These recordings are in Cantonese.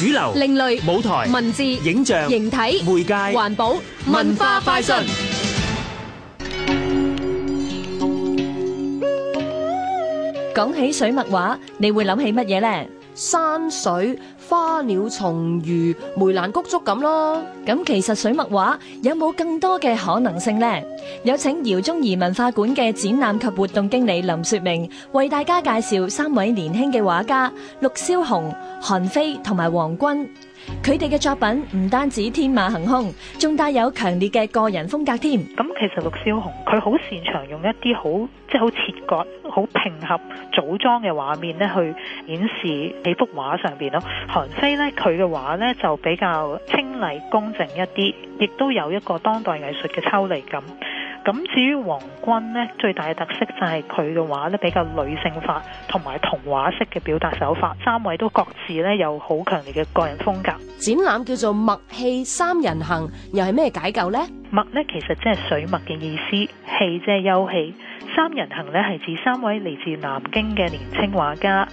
主流、另類舞台、文字、影像、形體、媒介、環保、文化快訊。講起水墨畫，你會諗起乜嘢呢？山水、花鳥、蟲魚、梅蘭菊竹咁咯。咁其實水墨畫有冇更多嘅可能性呢？有請饒宗頤文化館嘅展覽及活動經理林雪明為大家介紹三位年輕嘅畫家：陸少雄、韓非同埋黃君。佢哋嘅作品唔單止天馬行空，仲帶有強烈嘅個人風格添。咁其實陸少雄佢好擅長用一啲好即係好切割、好拼合、組裝嘅畫面咧，去展示喺幅畫上邊咯。韓非咧佢嘅畫呢，呢就比較清麗、公正一啲，亦都有一個當代藝術嘅抽離感。咁至於黃君呢，最大嘅特色就係佢嘅畫呢，比較女性化，同埋童話式嘅表達手法。三位都各自呢有好強烈嘅個人風格。展覽叫做墨戲三人行，又係咩解構呢？墨呢其實即係水墨嘅意思，戲即係遊戲。三人行呢係指三位嚟自南京嘅年輕畫家。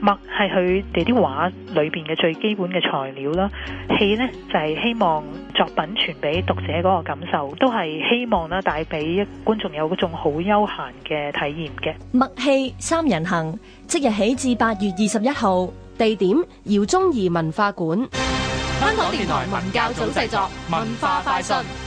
墨係佢哋啲畫裏邊嘅最基本嘅材料啦，戲呢就係、是、希望作品傳俾讀者嗰個感受，都係希望啦帶俾觀眾有嗰種好悠閒嘅體驗嘅。墨戲三人行即日起至八月二十一號，地點：饒宗頤文化館。香港電台文教組製作，文化快訊。